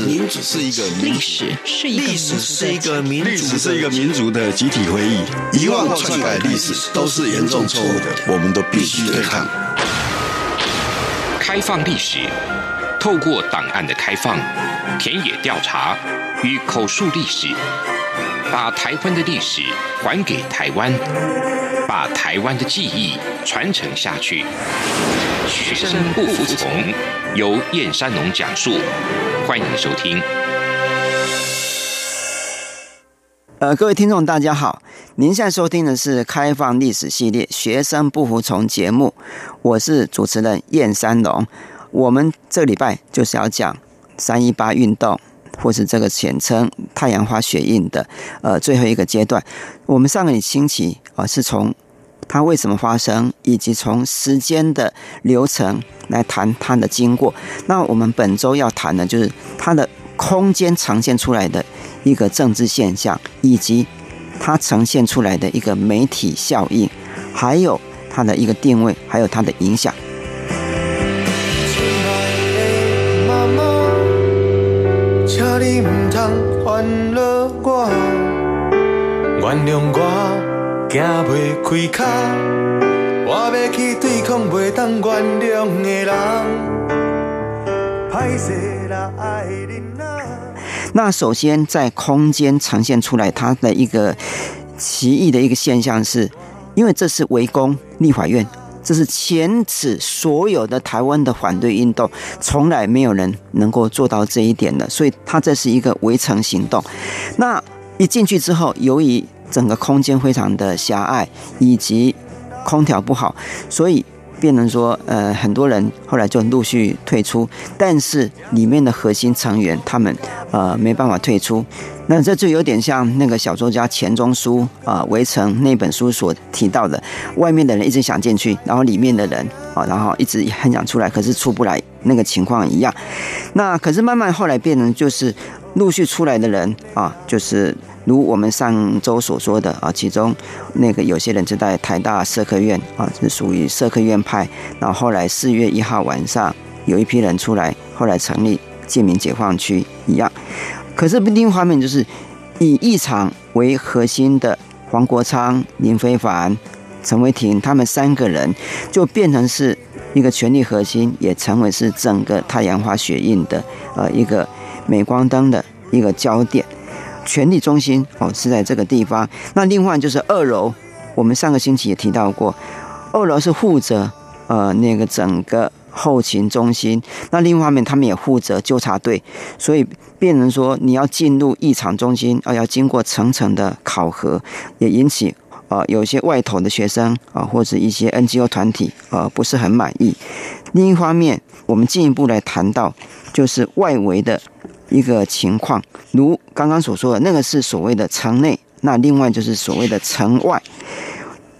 民主是一個民主歷史是一個歷史，是一個民主歷史，是一個民族的集體回憶。遺忘或篡改歷史都是嚴重錯誤的，我們都必須對抗。開放歷史，透過檔案的開放、田野調查與口述歷史，把台灣的歷史還給台灣，把台灣的記憶傳承下去。學生不服從，由燕山農講述，歡迎收聽。呃，各位聽眾，大家好，您現在收聽的是《開放歷史》系列《學生不服從》節目，我是主持人燕山農。我們這禮拜就是要講三一八運動，或是這個簡稱“太陽花學運”的呃最後一個階段。我們上個星期啊、呃、是從。它為什麼發生，以及從時間的流程來談它的經過。那我們本周要談的，就是它的空間呈現出來的一個政治現象，以及它呈現出來的一個媒體效應，還有它的一個定位，還有它的影響。那首先，在空間呈現出來，它的一個奇異的一個現象是，因為這是圍攻立法院，這是前此所有的台灣的反對運動，從來沒有人能夠做到這一點的，所以它這是一個圍城行動。那。一進去之後，由於整個空間非常的狹隘，以及空調不好，所以變成說，呃，很多人後來就陸續退出。但是裡面的核心成員，他們呃沒辦法退出。那這就有點像那個小說家錢鍾書啊、呃《圍城》那本書所提到的，外面的人一直想進去，然後裡面的人啊、哦，然後一直很想出來，可是出不來那個情況一樣。那可是慢慢後來變成就是陸續出來的人啊，就是。如我們上週所說的啊，其中那個有些人是在台大社科院啊，是屬於社科院派。然後後來四月一號晚上有一批人出來，後來成立賤民解放區一樣。可是另一方面畫面就是以議場為核心的黃國昌、林飛帆、陳為廷他們三個人，就變成是一個權力核心，也成為是整個太陽花學運的呃一個鎂光燈的一個焦點。權力中心哦是在這個地方，那另外就是二樓，我們上個星期也提到過，二樓是負責呃那個整個後勤中心，那另一方面他們也負責糾察隊，所以變成說你要進入議場中心啊要經過層層的考核，也引起呃有一些外頭的學生啊、呃、或者一些 NGO 團體呃，不是很滿意。另一方面，我們進一步來談到就是外圍的。一個情況，如剛剛所說的，那個是所謂的城內；那另外就是所謂的城外，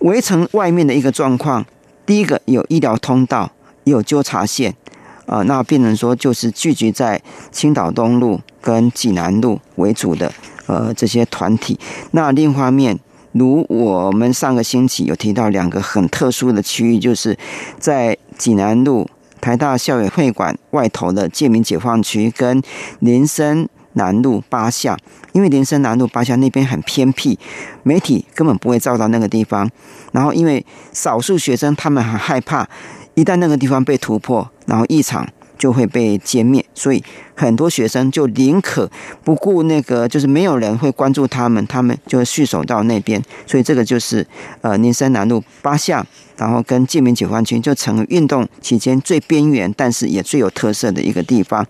圍城外面的一個狀況。第一個有醫療通道，有糾察線，啊、呃，那變成說就是聚集在青島東路跟濟南路為主的呃這些團體。那另一方面，如我們上個星期有提到兩個很特殊的區域，就是在濟南路。台大校友會館外頭的賤民解放區跟林森南路八巷，因為林森南路八巷那邊很偏僻，媒體根本不會照到那個地方。然後，因為少數學生他們很害怕，一旦那個地方被突破，然後異常。就會被殲滅，所以很多學生就寧可不顧那個，就是沒有人會關注他們，他們就駐守到那邊。所以這個就是呃，林森南路八巷，然後跟賤民解放區就成了運動期間最邊緣，但是也最有特色的一個地方。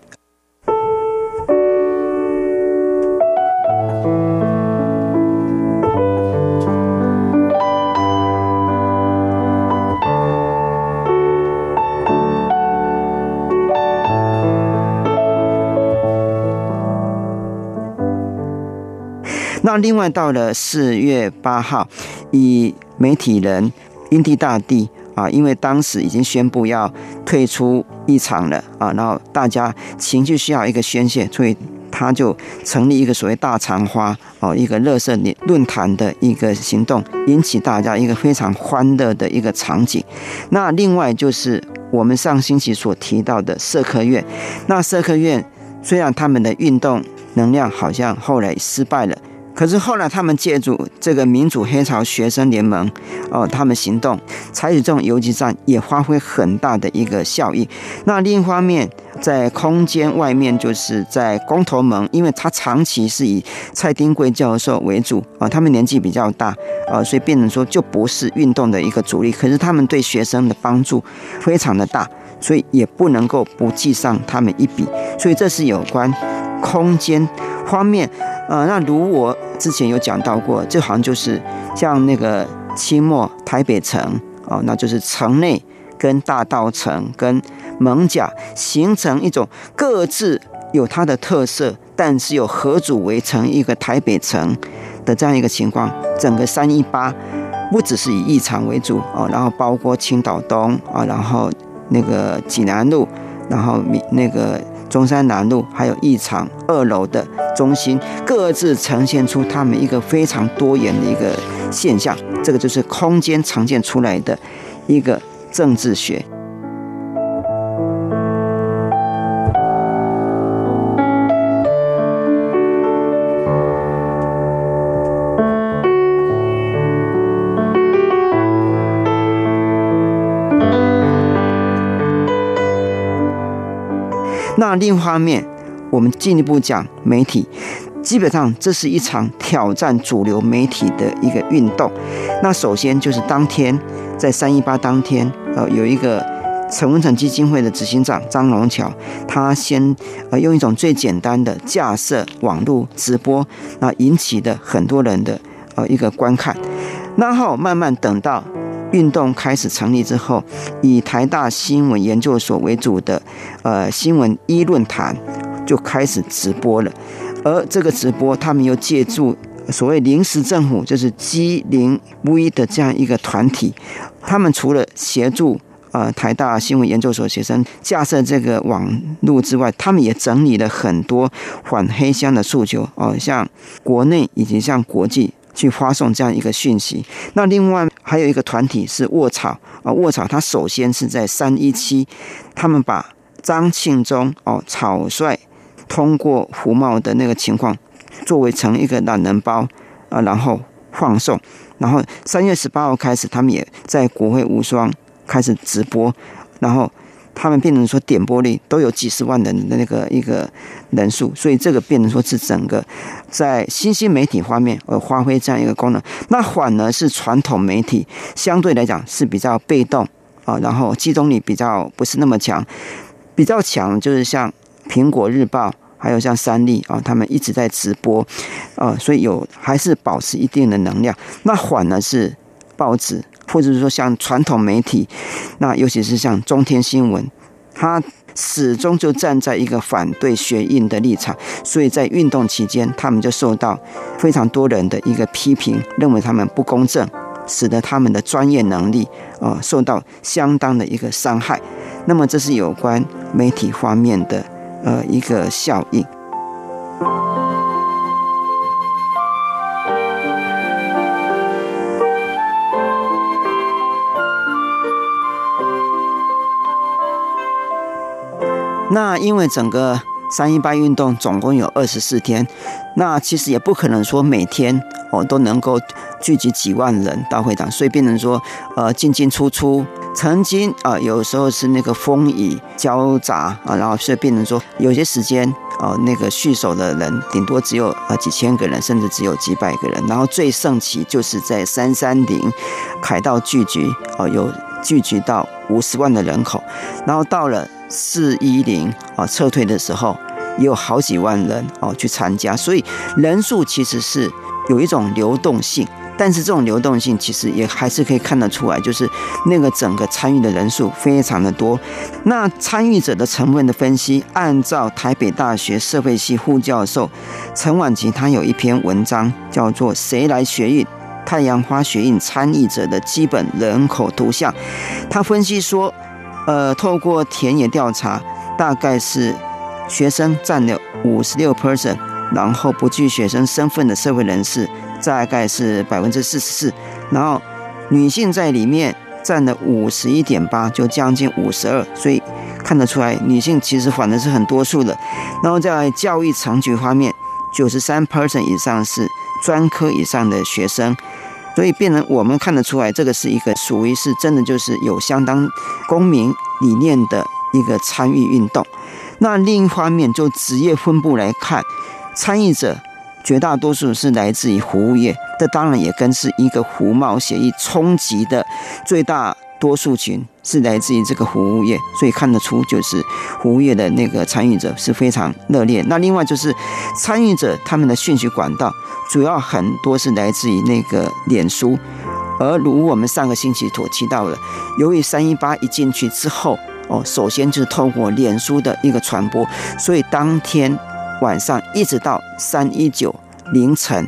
那另外到了四月八號，以媒體人音地大帝啊，因為當時已經宣布要退出議場了啊，然後大家情緒需要一個宣泄，所以他就成立一個所謂大腸花哦，一個垃圾話論壇的一個行動，引起大家一個非常歡樂的一個場景。那另外就是我們上星期所提到的社科院，那社科院雖然他們的運動能量好像後來失敗了。可是後來，他們借助這個民主黑潮學生聯盟，哦，他們行動採取這種游擊戰，也發揮很大的一個效益。那另一方面，在空間外面，就是在公投盟，因為他長期是以蔡丁貴教授為主啊、哦，他們年紀比較大，呃、哦，所以變成說就不是運動的一個主力。可是他們對學生的幫助非常的大，所以也不能夠不記上他們一筆。所以這是有關空間方面。呃，那如我之前有講到過，就好像就是像那個清末台北城啊，那就是城內跟大稻埕跟艋舺形成一種各自有它的特色，但是又合組圍成一個台北城的這樣一個情況。整個三一八不只是以議場為主哦，然後包括青島東啊，然後那個濟南路，然後那個。中山南路，還有議場二樓的中心，各自呈現出他們一個非常多元的一個現象。這個就是空間呈現出來的一個政治學。那另一方面，我們進一步講媒體，基本上這是一場挑戰主流媒體的一個運動。那首先就是當天，在三一八當天，呃，有一個陳文成基金會的執行長張龍橋，他先呃用一種最簡單的架設網絡直播，那引起的很多人的呃一個觀看，然後慢慢等到。運動開始成立之後，以台大新聞研究所為主的呃新聞 e 論壇就開始直播了，而這個直播他們又借助所謂臨時政府，就是 g0v 的這樣一個團體，他們除了協助呃台大新聞研究所學生架設這個網路之外，他們也整理了很多反黑箱的訴求哦，像國內以及像國際。去發送這樣一個訊息。那另外還有一個團體是沃草啊，沃草，草它首先是在三一七，他們把張慶忠哦草率通過服貿的那個情況，作為成一個懶人包啊，然後放送。然後三月十八號開始，他們也在國會無雙開始直播，然後。他們變成說點播率都有幾十萬人的那個一個人數，所以這個變成說是整個在新興媒體方面呃發揮這樣一個功能，那反而是傳統媒體相對來講是比較被動啊，然後集中力比較不是那麼強，比較強就是像蘋果日報還有像三立啊，他們一直在直播，啊，所以有還是保持一定的能量，那反而是報紙。或者是說，像傳統媒體，那尤其是像中天新聞，它始終就站在一個反對學運的立場，所以在運動期間，他們就受到非常多人的一個批評，認為他們不公正，使得他們的專業能力啊、呃、受到相當的一個傷害。那麼，這是有關媒體方面的呃一個效應。那因為整個三一八運動總共有二十四天，那其實也不可能說每天哦都能夠聚集幾萬人到會場，所以變成說呃進進出出，曾經啊、呃、有時候是那個風雨交雜啊、呃，然後所以變成說有些時間哦、呃、那個聚首的人頂多只有呃幾千個人，甚至只有幾百個人，然後最盛期就是在三三零凱道聚集哦、呃、有。聚集到五十萬的人口，然後到了四一零啊撤退的時候，也有好幾萬人哦去參加，所以人數其實是有一種流動性，但是這種流動性其實也還是可以看得出來，就是那個整個參與的人數非常的多。那參與者的成分的分析，按照台北大學社會系副教授陳婉琪，他有一篇文章叫做《誰來學運》。太陽花學運參與者的基本人口圖像，他分析說，呃，透過田野調查，大概是學生占了五十六 percent，然後不具學生身份的社會人士大概是百分之四十四，然後女性在裡面占了五十一點八，就將近五十二，所以看得出來女性其實反而是很多數的。然後在教育程度方面，九十三 percent 以上是專科以上的學生。所以，變成我們看得出來，這個是一個屬於是真的，就是有相當公民理念的一個參與運動。那另一方面，就職業分佈來看，參與者絕大多數是來自於服務業，這當然也跟是一個服貿協議衝擊的最大。多數群是來自於這個服務業，所以看得出，就是服務業的那個參與者是非常熱烈。那另外就是參與者他們的訊息管道，主要很多是來自於那個臉書。而如我們上個星期所提到的，由於三一八一進去之後，哦，首先就是透過臉書的一個傳播，所以當天晚上一直到三一九凌晨，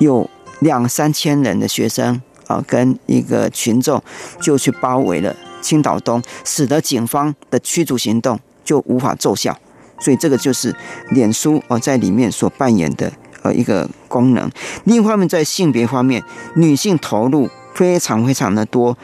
有兩三千人的學生，跟一個群眾就去包圍了青島東，使得警方的驅逐行動就無法奏效。所以這個就是臉書哦在裡面所扮演的呃一個功能。另一方面在性別方面，女性投入非常非常的多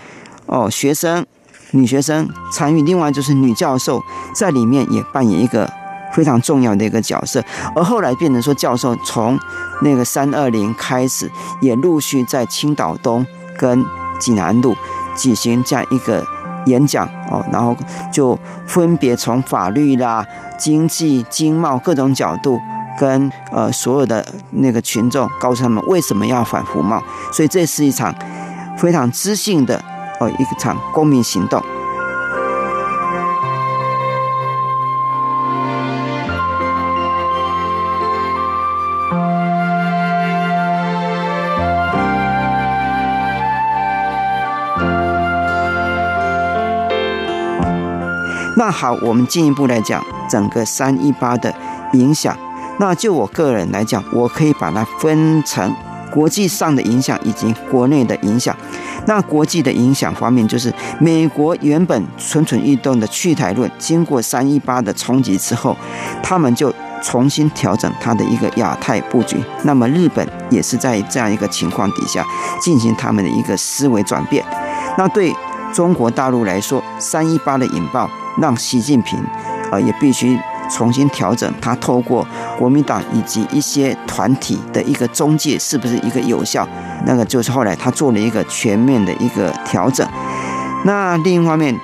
哦，學生、女學生參與，另外就是女教授在裡面也扮演一個非常重要的一個角色。而後來變成說，教授從那個三二零開始，也陸續在青島東。跟濟南路舉行這樣一個演講哦，然後就分別從法律啦、經濟、經貿各種角度，跟呃所有的那個群眾告訴他們為什麼要反服貿，所以這是一場非常知性的哦，一場公民行動。那好，我們進一步來講整個三一八的影響。那就我個人來講，我可以把它分成國際上的影響以及國內的影響。那國際的影響方面，就是美國原本蠢蠢欲動的棄台論，經過三一八的衝擊之後，他們就重新調整他的一個亞太布局。那麼日本也是在這樣一個情況底下進行他們的一個思維轉變。那對中國大陸來說，三一八的引爆。讓習近平，啊，也必須重新調整他透過國民黨以及一些團體的一個中介，是不是一個有效？那個就是後來他做了一個全面的一個調整。那另一方面，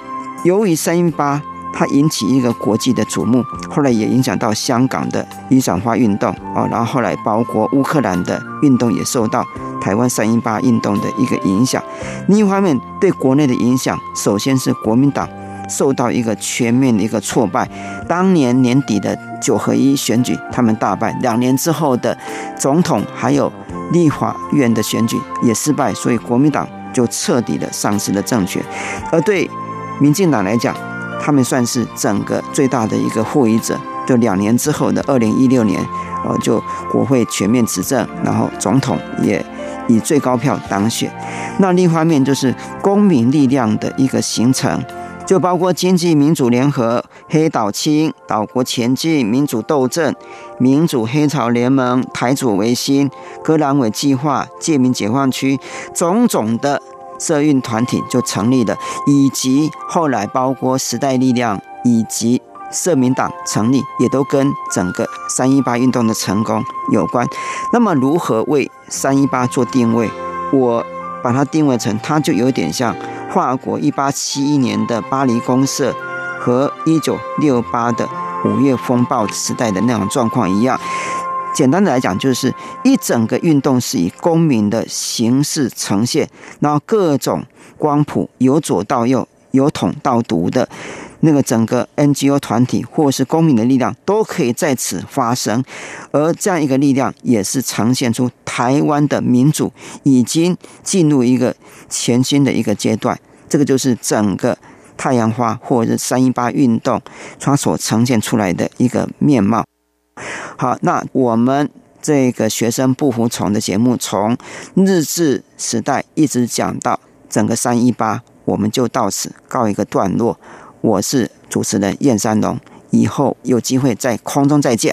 由於三一八它引起一個國際的矚目，後來也影響到香港的雨傘花運動啊，然後後來包括烏克蘭的運動也受到台灣三一八運動的一個影響。另一方面，對國內的影響，首先是國民黨。受到一個全面的一個挫敗，當年年底的九合一選舉，他們大敗；兩年之後的總統還有立法院的選舉也失敗，所以國民黨就徹底的喪失了政權。而對民進黨來講，他們算是整個最大的一個獲益者。就兩年之後的二零一六年，呃，就國會全面執政，然後總統也以最高票當選。那另一方面就是公民力量的一個形成。就包括經濟民主聯合、黑島青、島國前進、民主鬥陣、民主黑潮聯盟、台左維新、割闌尾計劃、賤民解放區，種種的社運團體就成立了，以及後來包括時代力量以及社民黨成立，也都跟整個三一八運動的成功有關。那麼，如何為三一八做定位？我把它定位成，它就有點像。法國一八七一年的巴黎公社和一九六八的五月風暴時代的那種狀況一樣，簡單的來講就是一整個運動是以公民的形式呈現，然後各種光譜由左到右，由統到獨的，那個整個 NGO 團體或是公民的力量都可以在此發生，而這樣一個力量也是呈現出台灣的民主已經進入一個全新的一個階段。這個就是整個太陽花或者三一八運動它所呈現出來的一個面貌。好，那我們這個學生不服從的節目從日治時代一直講到整個三一八，我們就到此告一個段落。我是主持人燕山龍，以後有機會在空中再見。